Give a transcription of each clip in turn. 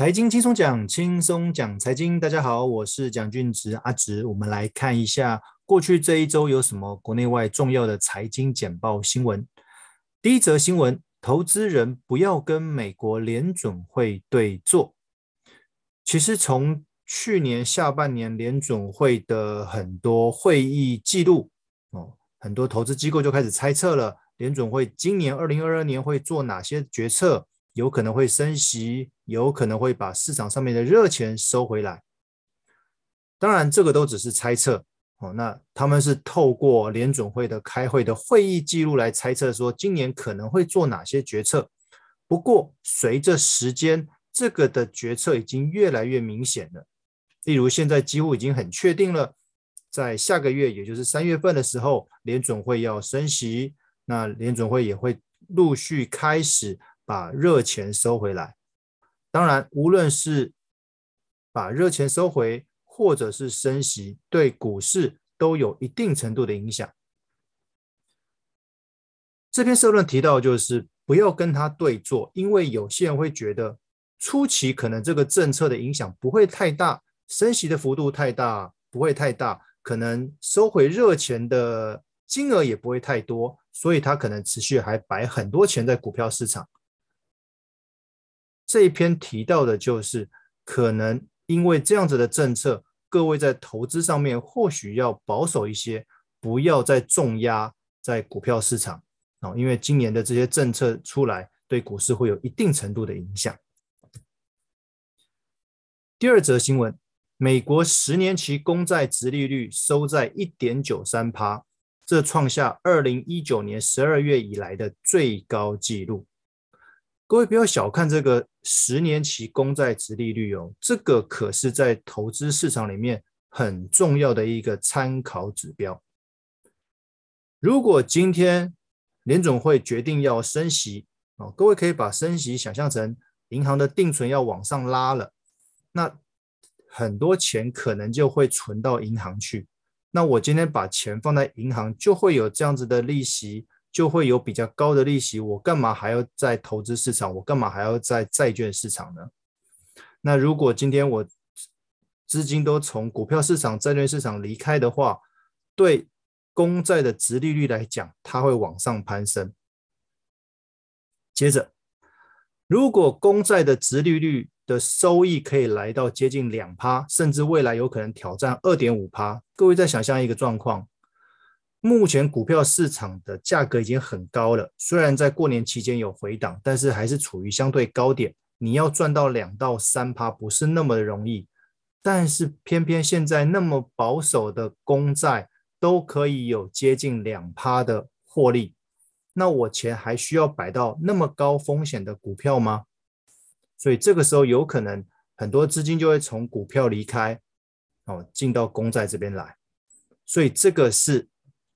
財經輕鬆講，輕鬆講財經。大家好，我是蔣竣植阿植，我們來看一下過去這一周有什麼國內外重要的財經簡報新聞。第一則新聞：投資人不要跟美國聯準會對作。其實從去年下半年聯準會的很多會議記錄，哦，很多投資機構就開始猜測了，聯準會今年二零二二年會做哪些決策，有可能會升息。有可能會把市場上面的熱錢收回來，當然這個都只是猜測哦。那他們是透過聯準會的開會的會議記錄來猜測說今年可能會做哪些決策。不過隨着時間，這個的決策已經越來越明顯了。例如現在幾乎已經很確定了，在下個月也就是三月份的時候，聯準會要升息，那聯準會也會陸續開始把熱錢收回來。當然，無論是把熱錢收回，或者是升息，對股市都有一定程度的影響。這篇社論提到，就是不要跟他對作，因為有些人會覺得初期可能這個政策的影響不會太大，升息的幅度太大，不會太大，可能收回熱錢的金額也不會太多，所以他可能持續還擺很多錢在股票市場。這一篇提到的就是，可能因為這樣子的政策，各位在投資上面或許要保守一些，不要再重壓在股票市場啊，因為今年的這些政策出來，對股市會有一定程度的影響。第二則新聞，美國十年期公債殖利率收在一點九三趴，這創下二零一九年十二月以來的最高紀錄。各位不要小看這個十年期公債殖利率哦，這個可是在投資市場裡面很重要的一個參考指標。如果今天聯準會決定要升息啊、哦，各位可以把升息想象成銀行的定存要往上拉了，那很多錢可能就會存到銀行去。那我今天把錢放在銀行，就會有這樣子的利息。就會有比較高的利息，我幹嘛還要在投資市場？我幹嘛還要在債券市場呢？那如果今天我資金都從股票市場、債券市場離開的話，對公債的殖利率來講，它會往上攀升。接着，如果公債的殖利率的收益可以來到接近兩趴，甚至未來有可能挑戰二點五趴，各位再想象一個狀況。目前股票市場的價格已經很高了，雖然在過年期間有回檔，但是還是處於相對高點。你要賺到兩到三趴不是那麼容易，但是偏偏現在那麼保守的公債都可以有接近兩趴的獲利，那我錢還需要擺到那麼高風險的股票嗎？所以這個時候有可能很多資金就會從股票離開，哦，進到公債這邊來，所以這個是。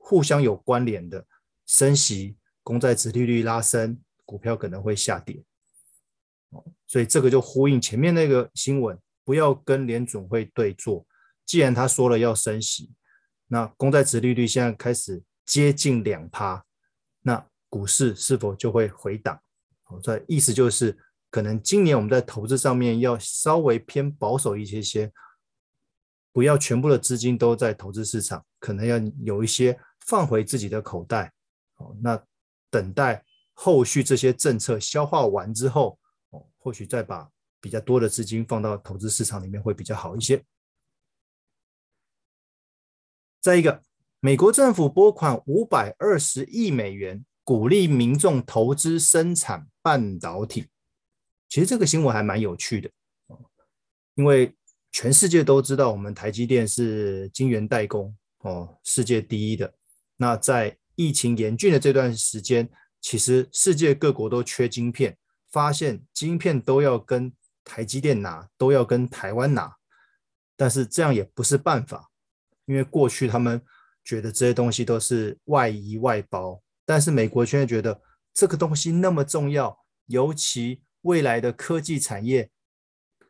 互相有關聯的升息，公債殖利率拉升，股票可能會下跌。哦，所以這個就呼應前面那個新聞，不要跟聯準會對作。既然他說了要升息，那公債殖利率現在開始接近兩趴，那股市是否就會回檔？哦，所以意思就是，可能今年我們在投資上面要稍微偏保守一些些，不要全部的資金都在投資市場，可能要有一些。放回自己的口袋，哦，那等待後續這些政策消化完之後，哦，或許再把比較多的資金放到投資市場裡面會比較好一些。再一個，美國政府撥款五百二十億美元，鼓勵民眾投資生產半導體。其實這個新聞還蠻有趣的，哦，因為全世界都知道我們台積電是晶圓代工，哦，世界第一的。那在疫情嚴峻的這段時間，其實世界各國都缺晶片，發現晶片都要跟台積電拿，都要跟台灣拿，但是這樣也不是辦法，因為過去他們覺得這些東西都是外移外包，但是美國卻覺得這個東西那麼重要，尤其未來的科技產業，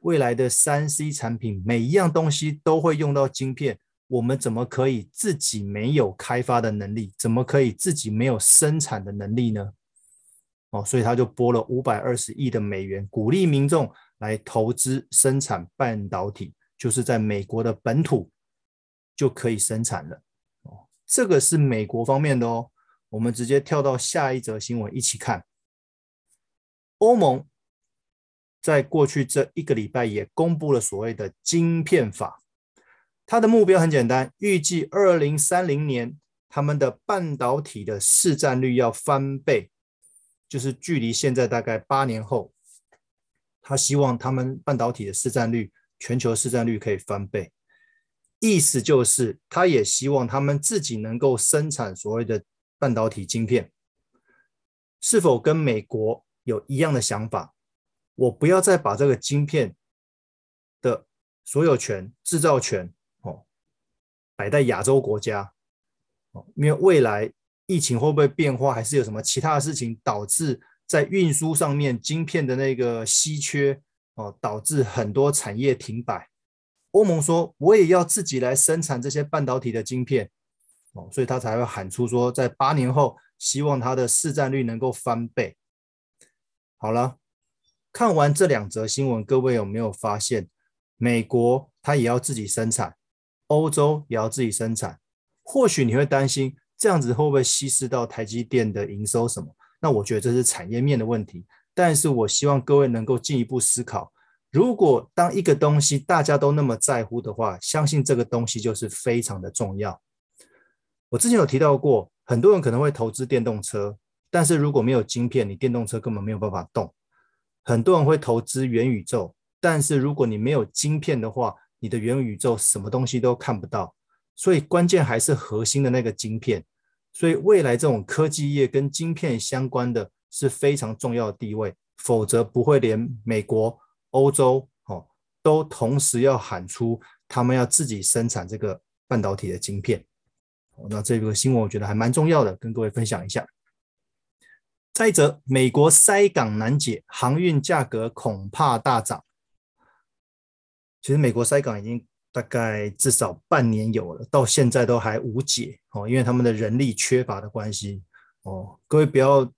未來的三 C 產品，每一樣東西都會用到晶片。我們怎麼可以自己沒有開發的能力？怎麼可以自己沒有生產的能力呢？哦，所以他就撥了五百二十億的美元，鼓勵民眾來投資生產半導體，就是在美國的本土就可以生產了。哦，這個是美國方面的哦。我們直接跳到下一則新聞一起看。歐盟在過去這一個禮拜也公布了所謂的晶片法。他的目標很簡單，預計二零三零年他們的半導體的市占率要翻倍，就是距離現在大概八年後，他希望他們半導體的市占率，全球市占率可以翻倍，意思就是他也希望他們自己能夠生產所謂的半導體晶片。是否跟美國有一樣的想法？我不要再把這個晶片的所有權、制造權。擺在亞洲國家哦，因為未來疫情會不會變化，還是有什麼其他的事情導致在運輸上面晶片的那個稀缺哦，導致很多產業停擺。歐盟說我也要自己來生產這些半導體的晶片哦，所以他才會喊出說，在八年後希望他的市占率能夠翻倍。好了，看完這兩則新聞，各位有沒有發現美國他也要自己生產？歐洲也要自己生產，或許你會擔心這樣子會不會稀釋到台積電的營收什麼？那我覺得這是產業面的問題。但是我希望各位能夠進一步思考，如果當一個東西大家都那麼在乎的話，相信這個東西就是非常的重要。我之前有提到過，很多人可能會投資電動車，但是如果沒有晶片，你電動車根本沒有辦法動。很多人會投資元宇宙，但是如果你沒有晶片的話，你的元宇宙什麼東西都看不到，所以關鍵還是核心的那個晶片。所以未來這種科技業跟晶片相關的是非常重要的地位，否則不會連美國、歐洲哦都同時要喊出他們要自己生產這個半導體的晶片。哦，那這個新聞我覺得還蠻重要的，跟各位分享一下。再者，美國塞港難解，航運價格恐怕大漲。其實美國塞港已經大概至少半年有了，到現在都還無解哦，因為他們的人力缺乏的關係哦。各位不要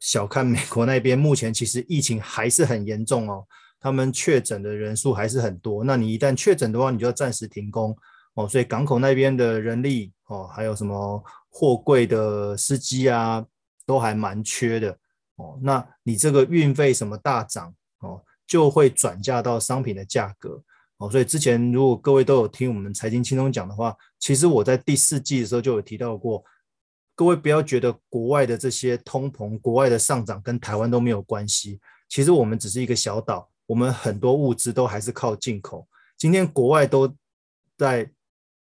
小看美國那邊，目前其實疫情還是很嚴重哦，他們確診的人數還是很多。那你一旦確診的話，你就要暫時停工哦，所以港口那邊的人力哦，還有什麼貨櫃的司機啊，都還蠻缺的哦。那你這個運費什麼大漲哦，就會轉嫁到商品的價格。哦，所以之前如果各位都有聽我們財經輕鬆講的話，其實我在第四季的時候就有提到過，各位不要覺得國外的這些通膨、國外的上漲跟台灣都沒有關係。其實我們只是一個小島，我們很多物資都還是靠進口。今天國外都在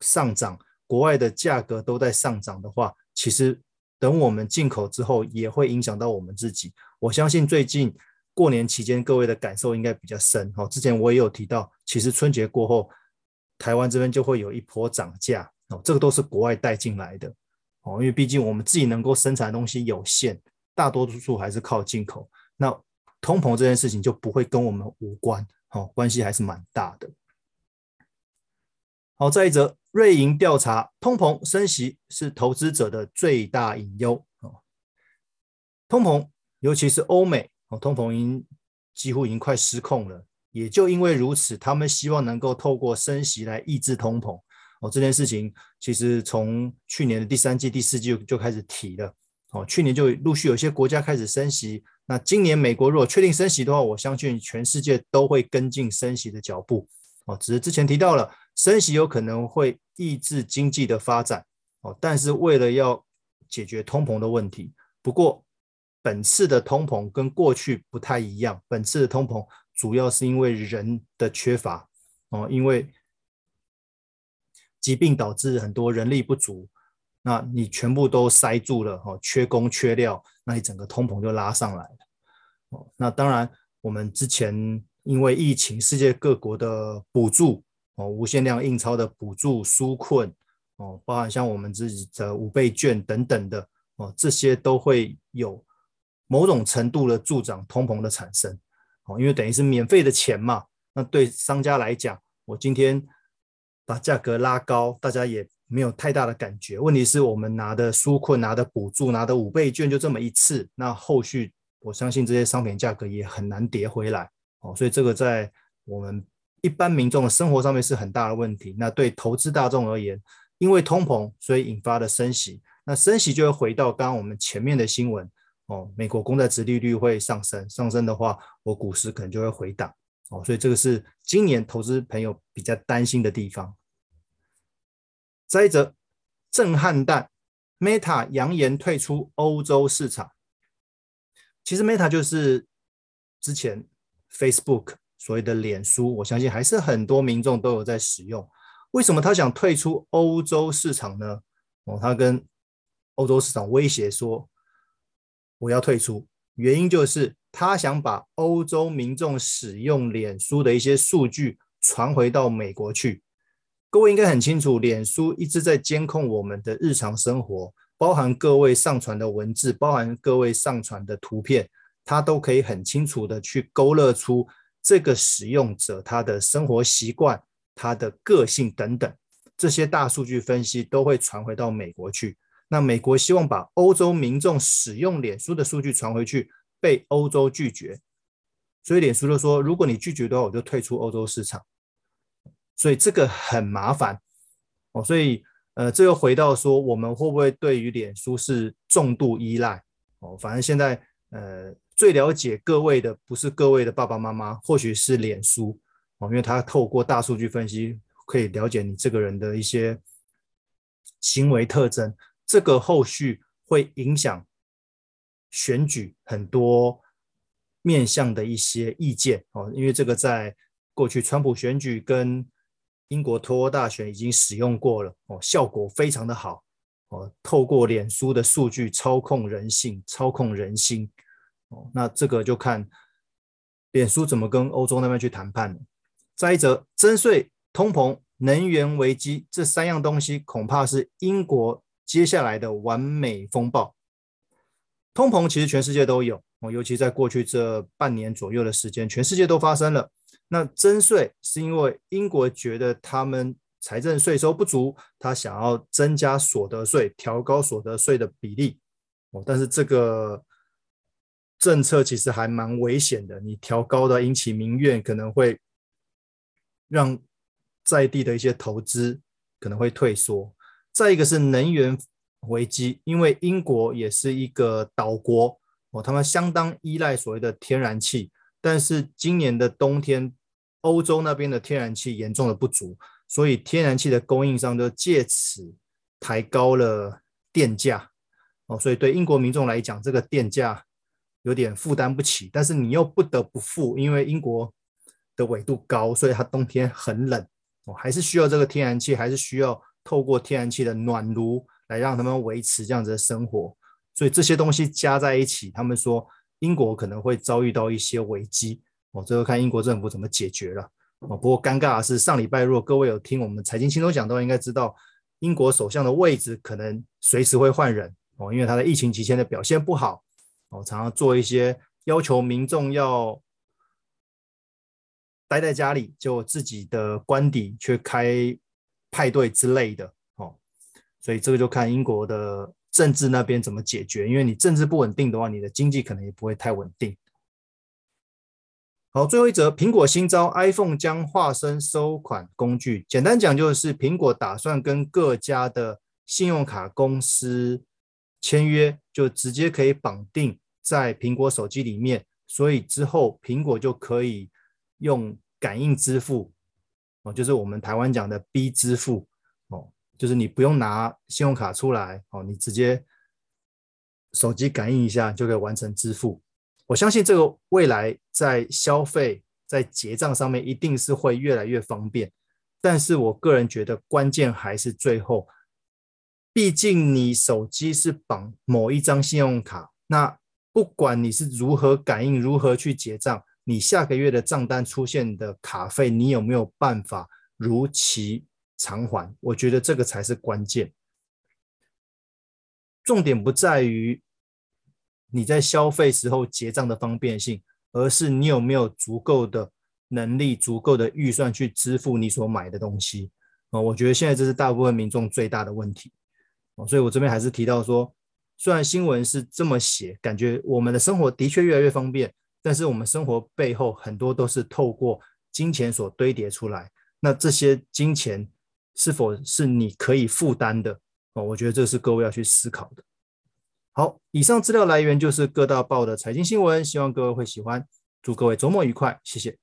上漲，國外的價格都在上漲的話，其實等我們進口之後也會影響到我們自己。我相信最近。過年期間，各位的感受應該比較深。之前我也有提到，其實春節過後，台灣這邊就會有一波漲價哦。這個都是國外帶進來的哦，因為畢竟我們自己能夠生產的東西有限，大多數還是靠進口。那通膨這件事情就不會跟我們無關哦，關係還是蠻大的。好，再一則，瑞銀調查，通膨升息是投資者的最大隱憂哦。通膨，尤其是歐美。通膨已經幾乎已經快失控了，也就因為如此，他們希望能夠透過升息來抑制通膨。哦，這件事情其實從去年的第三季、第四季就開始提了。哦，去年就陸續有些國家開始升息。那今年美國如果確定升息的話，我相信全世界都會跟進升息的腳步。哦，只是之前提到了升息有可能會抑制經濟的發展。哦，但是為了要解決通膨的問題，不過。本次的通膨跟過去不太一樣，本次的通膨主要是因為人的缺乏哦，因為疾病導致很多人力不足，那你全部都塞住了哦，缺工缺料，那你整個通膨就拉上來了哦。那當然，我們之前因為疫情，世界各國的補助哦，無限量印鈔的補助紓困哦，包含像我們自己的五倍券等等的哦，這些都會有。某種程度的助長通膨的產生，哦，因為等於是免費的錢嘛，那對商家來講，我今天把價格拉高，大家也沒有太大的感覺。問題是我們拿的紓困、拿的補助、拿的五倍券就這麼一次，那後續我相信這些商品價格也很難跌回來，哦，所以這個在我們一般民眾的生活上面是很大的問題。那對投資大眾而言，因為通膨，所以引發的升息，那升息就會回到剛剛我們前面的新聞。哦，美國公債殖利率會上升，上升的話，我股市可能就會回檔。哦，所以這個是今年投資朋友比較擔心的地方。再者，震撼彈，Meta 揚言退出歐洲市場。其實 Meta 就是之前 Facebook 所謂的臉書，我相信還是很多民眾都有在使用。為什麼他想退出歐洲市場呢？哦，他跟歐洲市場威脅說。我要退出，原因就是他想把歐洲民眾使用臉書的一些數據傳回到美國去。各位應該很清楚，臉書一直在監控我們的日常生活，包含各位上傳的文字，包含各位上傳的圖片，它都可以很清楚的去勾勒出這個使用者他的生活習慣、他的個性等等，這些大數據分析都會傳回到美國去。那美國希望把歐洲民眾使用臉書的數據傳回去，被歐洲拒絕，所以臉書就說：“如果你拒絕的話，我就退出歐洲市場。”所以這個很麻煩哦。所以呃，這又回到說，我們會不會對於臉書是重度依賴哦？反正現在呃，最了解各位的不是各位的爸爸媽媽，或許是臉書哦，因為它透過大數據分析可以了解你這個人的一些行為特徵。這個後續會影響選舉很多面向的一些意見哦，因為這個在過去川普選舉跟英國脫歐大選已經使用過了哦，效果非常的好哦。透過臉書的數據操控人性、操控人心哦，那這個就看臉書怎麼跟歐洲那邊去談判。再再者，增稅、通膨、能源危機這三樣東西，恐怕是英國。接下來的完美風暴，通膨其實全世界都有哦，尤其在過去這半年左右的時間，全世界都發生了。那增稅是因為英國覺得他們財政稅收不足，他想要增加所得稅，調高所得稅的比例哦。但是這個政策其實還蠻危險的，你調高的引起民怨，可能會讓在地的一些投資可能會退縮。再一個是能源危機，因為英國也是一個島國哦，他們相當依賴所謂的天然氣。但是今年的冬天，歐洲那邊的天然氣嚴重的不足，所以天然氣的供應商就借此抬高了電價哦，所以對英國民眾來講，這個電價有點負擔不起。但是你又不得不付，因為英國的緯度高，所以它冬天很冷哦，還是需要這個天然氣，還是需要。透過天然氣的暖爐來讓他們維持這樣子的生活，所以這些東西加在一起，他們說英國可能會遭遇到一些危機。哦，最後看英國政府怎麼解決了。不過尷尬的是，上禮拜如果各位有聽我們財經輕鬆講，都應該知道英國首相的位置可能隨時會換人。哦，因為他在疫情期間的表現不好，哦，常常做一些要求民眾要待在家裡，就自己的官邸卻開。派對之類的，哦，所以這個就看英國的政治那邊怎麼解決，因為你政治不穩定的話，你的經濟可能也不會太穩定。好，最後一則，蘋果新招，iPhone 將化身收款工具。簡單講就是，蘋果打算跟各家的信用卡公司簽約，就直接可以綁定在蘋果手機裡面，所以之後蘋果就可以用感應支付。哦，就是我們台灣講的 B 支付，哦，就是你不用拿信用卡出來，哦，你直接手機感應一下就可以完成支付。我相信這個未來在消費在結賬上面一定是會越來越方便，但是我個人覺得關鍵還是最後，畢竟你手機是綁某一張信用卡，那不管你是如何感應，如何去結賬。你下個月的賬單出現的卡費，你有沒有辦法如期償還？我覺得這個才是關鍵。重點不在於你在消費時候結賬的方便性，而是你有沒有足夠的能力、足夠的預算去支付你所買的東西。啊，我覺得現在這是大部分民眾最大的問題。所以我這邊還是提到說，雖然新聞是這麼寫，感覺我們的生活的確越來越方便。但是我們生活背後很多都是透過金錢所堆疊出來，那這些金錢是否是你可以負擔的哦，我覺得這是各位要去思考的。好，以上資料來源就是各大報的財經新聞，希望各位會喜歡，祝各位週末愉快，謝謝。